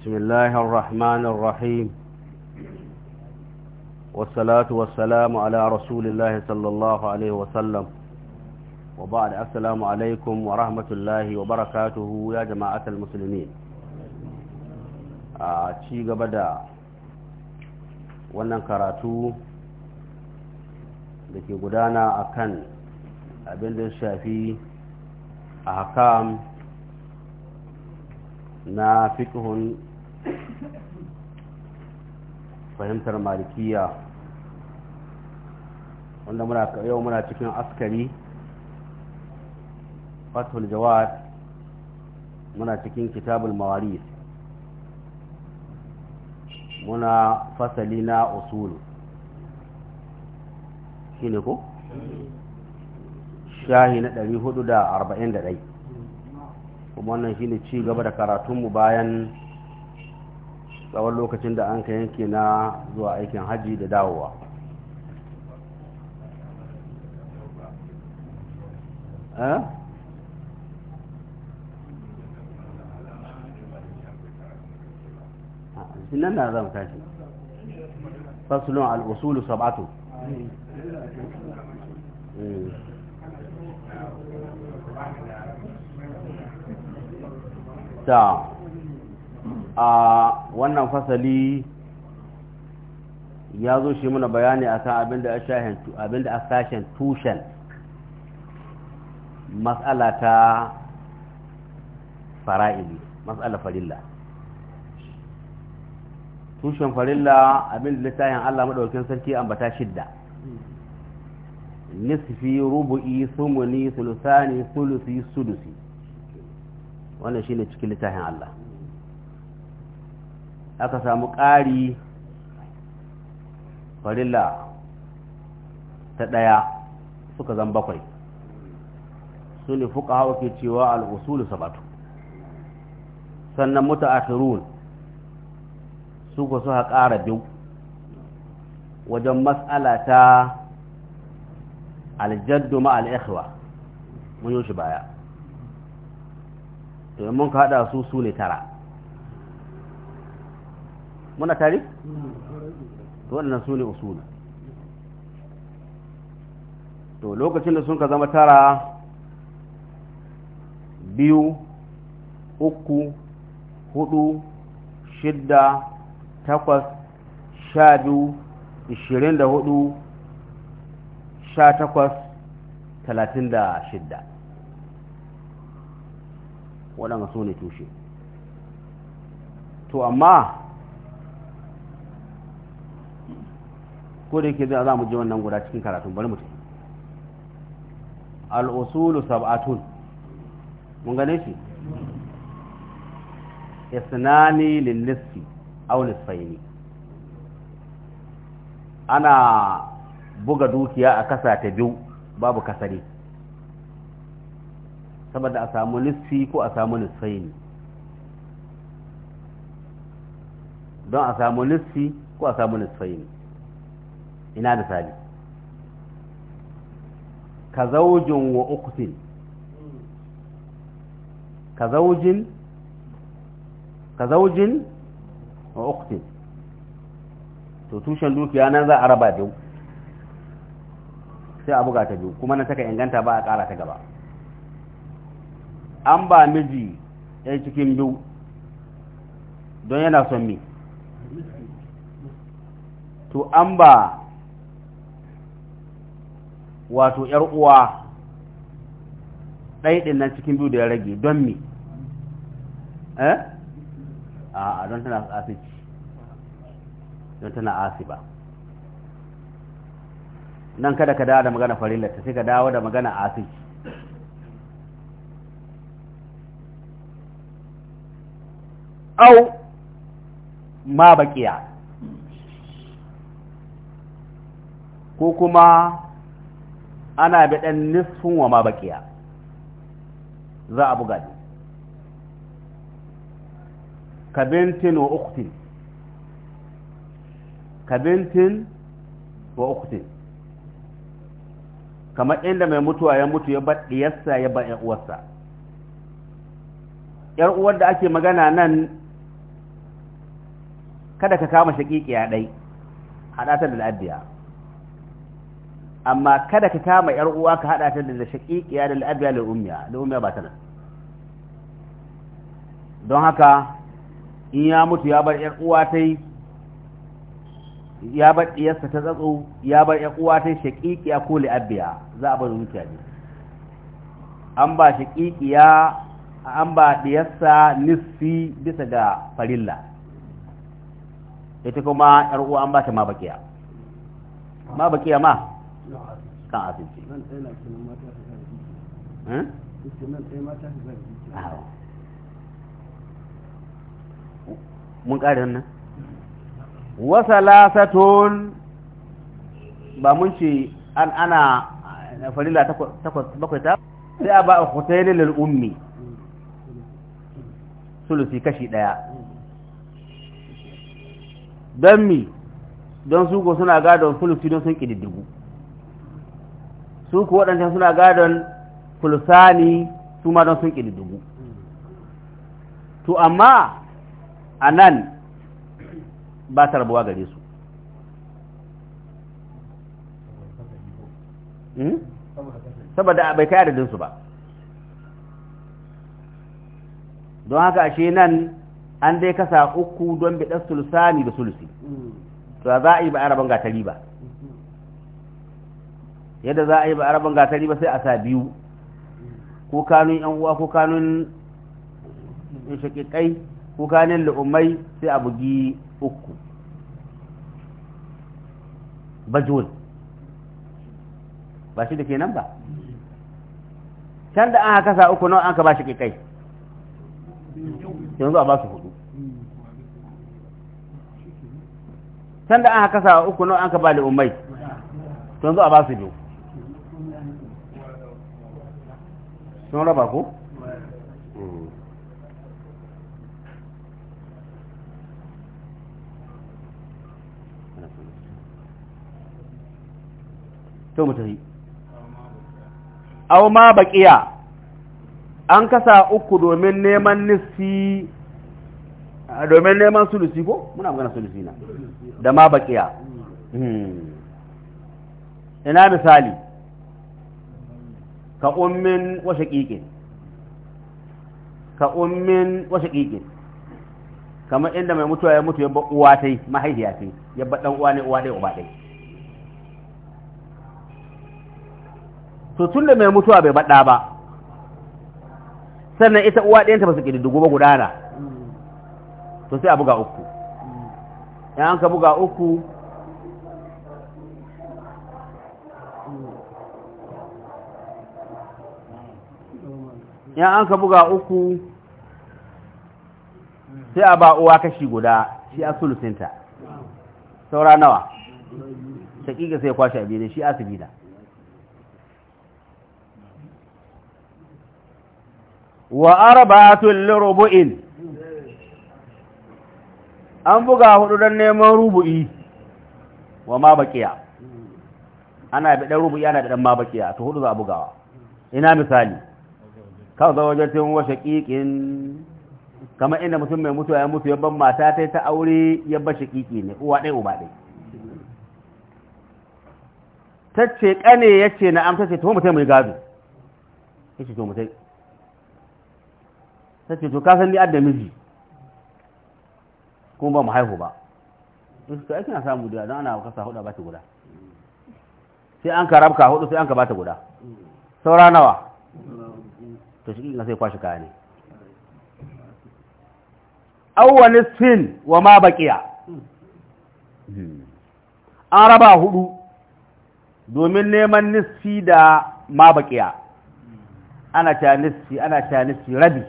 بسم الله الرحمن الرحيم والصلاة والسلام على رسول الله صلى الله عليه وسلم وبعد السلام عليكم ورحمة الله وبركاته يا جماعة المسلمين ci gaba da wannan karatu da ke gudana a kan abin da shafi a hakam na fikihun fahimtar malikiya wanda muna yau muna cikin askari fatul jawad muna cikin kitabul mawaris muna fasali na usul shi ne ko? shahi na 441 kuma wannan shi ne ci gaba da karatunmu bayan tsawon lokacin da an ka yanke na zuwa aikin hajji da dawowa eh? nan na zama tashi fasulun al'usulu sabatu eh. ta a wannan fasali ya zo shi muna bayani akan abin da a sashen tushen matsala ta fara'ili matsala farilla tushen farilla abin abinda littafin Allah maɗaukin sarki ambata shidda nisfi rubu'i sumuni sulusani sulusi sudusi wannan shi ne cikin littafin Allah aka samu ƙari farilla ta ɗaya suka zan bakwai su ne fuka hawa ke cewa al'usulu sabatu sannan mutu ashirun su ku suka ƙara biyu wajen matsala ta aljaddu ma mun yi shi baya to mun ka haɗa su su ne tara muna tare to wannan su ne usulu to lokacin da sun ka zama tara biyu uku hudu shidda takwas sha biyu ishirin da hudu sha takwas talatin da shidda waɗanda su ne tushe to amma ko da yake za mu je wannan guda cikin karatun bari mu tafi al-usulu sab'atun mun gane shi isnani lil-nisfi aw nisfaini ana buga dukiya a kasa ta biyu babu kasare saboda a samu nisfi ko a samu nisfaini don a samu nisfi ko a samu nisfaini ina misali ka zaujin wa uktin ka zaujin ka zaujin wa uktin to tushen dukiya nan za a raba biyu sai a buga ta biyu kuma na taka inganta ba a ƙara ta gaba an ba miji ɗaya cikin biyu don yana son mi to an ba wato ƴar uwa ɗin nan cikin biyu da ya rage don me eh a don tana asici don tana asiba nan kada ka dawo da magana farillata sai ka dawo da magana asici au ma bakiya ko kuma ana biɗan nisfin wa ma baƙiya za a buga ne ka wa uktin kabintin wa uktin kamar inda mai mutuwa ya mutu ya baɗiyarsa ya ba uwarsa ‘yar uwar da ake magana nan kada ka kama shaƙiƙiya ɗai haɗatar da al'addiya amma kada ka kama yar uwa ka hada ta da ya da al'abiya da ummiya da ummiya ba ta nan don haka in ya mutu ya bar yar uwa ta ya bar diyarsa ta tsatso ya bar yar uwa ta ya ko al'abiya za a bar zuciya ne an ba ya an ba diyarsa nisfi bisa ga farilla ita kuma yar uwa an ba ta ma bakiya ma bakiya ma kan eh? mun ƙari wannan wasa lasatun ba mun ce an ana farila bakwai ta sai a ba a hussaini lil'ummi sulusi kashi ɗaya don mi don sugo suna gado sulusi don sun ƙididdigu su ku waɗancan suna gadon fulsani su ma don sun dubu to amma a nan ba ta rabuwa gare su hmm? saboda bai kai adadinsu ba don haka ashe nan an dai kasa uku don biɗar sulusani da sulusi to za a yi ba a rabon gatari ba yadda za a yi ba rabin gatari ba sai a sa biyu ko kanun yan uwa ko kanun shakikai ko kanun lu'ummai sai a bugi uku bajul ba shi da ke nan ba can da an haka sa uku nawa an ka ba shi kai yanzu a ba su hudu can da an haka sa uku nawa an ka ba lu'ummai yanzu a ba su biyu sun raba ko hmm. to mu tafi aw ma baqiya an kasa uku domin neman nisfi domin neman sulusi ko muna magana sulusi na da ma baqiya hmm. ina misali ka ummin wa shaqiqin ka ummin wa shaqiqin kamar inda mai mutuwa ya mutu ya ba uwa tai mahaifiya tai ya ba dan uwa ne uwa dai uba dai to tunda mai mutuwa bai bada ba sannan ita uwa ɗayanta ba su ƙididdigu ba gudana to sai a buga uku in an ka buga uku in an ka buga uku sai a ba uwa kashi guda shi a sulusinta saura nawa shakika sai kwashe biyu shi asibina wa arba'atul lirubu'in an buga hudu don neman rubu'i wa ma baƙiya ana bi ɗan rubu'i ana da ɗan ma baƙiya to hudu za a bugawa ina misali ka zawajatin wa shaqiqin kama inda mutum mai mutuwa ya mutu ya ban mata ta ta aure ya ba shaqiqi ne uwa dai uba dai tace kane yace na amsa ce to mutai mai gado yace to mutai tace to ka san ni adda miji kuma ba mu haihu ba in su aiki na samu da ana kasa hudu ba ta guda sai an ka rabka hudu sai an ka ba ta guda saura nawa to shi sai kwashi kaya ne awwal sin wa ma baqiya hmm. an raba hudu domin neman nisfi da ma baqiya ana ta nisfi ana ta nisfi rabi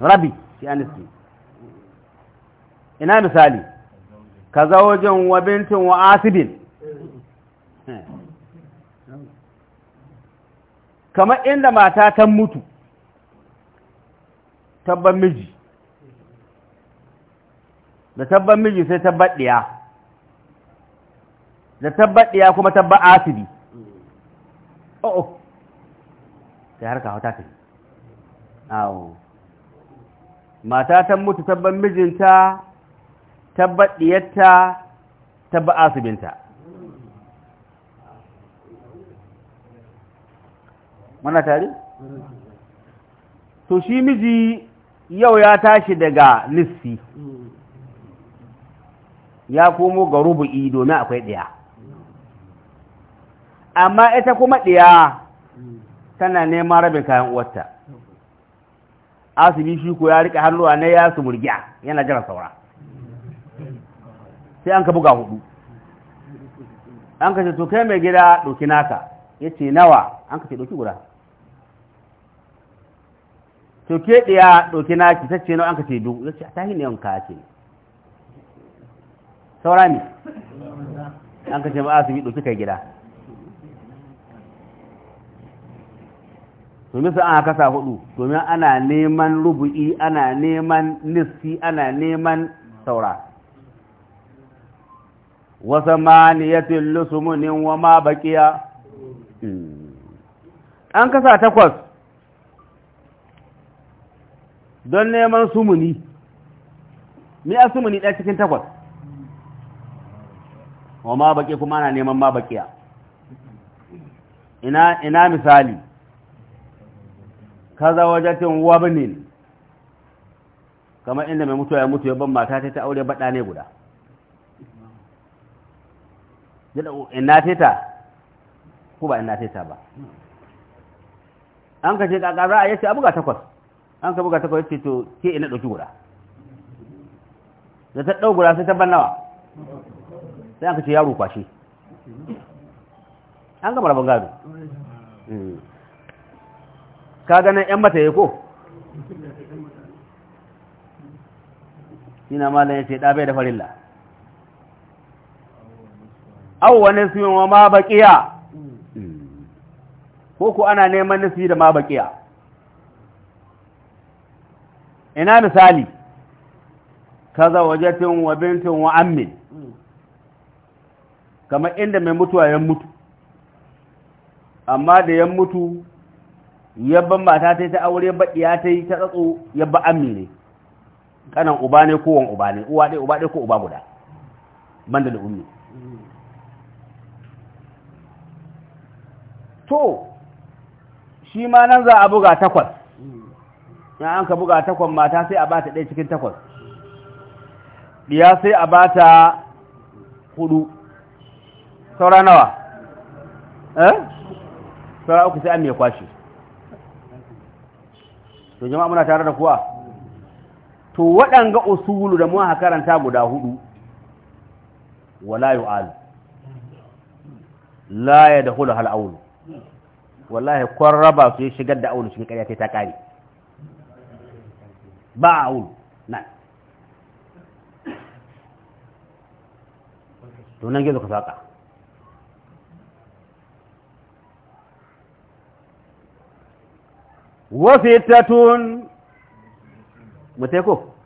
rabi shi an nisfi ina misali ka wajen wa bintin wa asibin kamar inda mata ta mutu tabban miji da tabban miji sai tabbat ɗiya da tabbat ɗiya kuma tabbat asibi o'o oh, oh. sai harka hauta ta yi awo mata ta mutu tabban mijinta tabbat ɗiyarta tabbat asibinta mana tare to shi miji yau ya tashi daga lissi ya komo ga rubu'i domin akwai ɗaya amma ita kuma ɗaya tana neman rabin kayan uwarta asibi shi ko ya rika hannuwa na ya su murgiya yana jiran saura sai an ka buga hudu an ka ce to kai mai gida ɗauki naka ya ce nawa an ka ce ɗauki guda to ke ɗaya ɗauki na ki sace nawa an ka ce duk zai ce ta hin yawan ka ce saura ne an ka ce ba su bi ɗauki kai gida domin su an kasa hudu domin ana neman rubu'i ana neman nisfi ana neman saura wasa maniyatin lusumunin wa ma baƙiya hmm. an kasa takwas don neman sumuni mi a sumuni ɗaya cikin takwas wa ma baƙi kuma ana neman ma baƙiya ina, ina misali kaza ne wabinin kamar inda mai mutuwa ya mutu ya ban mata ta ta aure baɗa ne guda ina teta ko ba ina teta ba an kashe ƙaƙa za a yace abu ga takwas an ka buga ta kawai ce to ke ina ɗauki guda da ta ɗau guda sai ta ban nawa sai an ka ce yaro kwashe an gama rabin gado hmm. ka ganin 'yan mata ya ko na malam ya ce ɗabe da farilla awwa wani wa ma baƙiya hmm. ko ku ana neman nasi da ma baƙiya ina misali kaza tun wa bintin wa ammin kamar inda mai mutuwa ya mutu amma da ya mutu yabban mata ta ta aure baɗiya ta yi ta tsatso yabba ammi ne kanan uba ne kowan uba ne uwa ɗai uba ɗaya ko uba guda banda da ummi to shi ma nan za a buga takwas in an ka buga takwas mata sai a ba ta ɗaya cikin takwas ɗiya sai a ba ta hudu saura nawa eh saura uku sai an mai kwashi to jama'a muna tare da kuwa to waɗanga usulu da muwa karanta guda hudu wala al la yadkhulu hal aul wallahi kwarraba su shigar da aulu cikin ƙarya ta kare ba'un nan to nan gizo ka saka wasu tatun mutai ko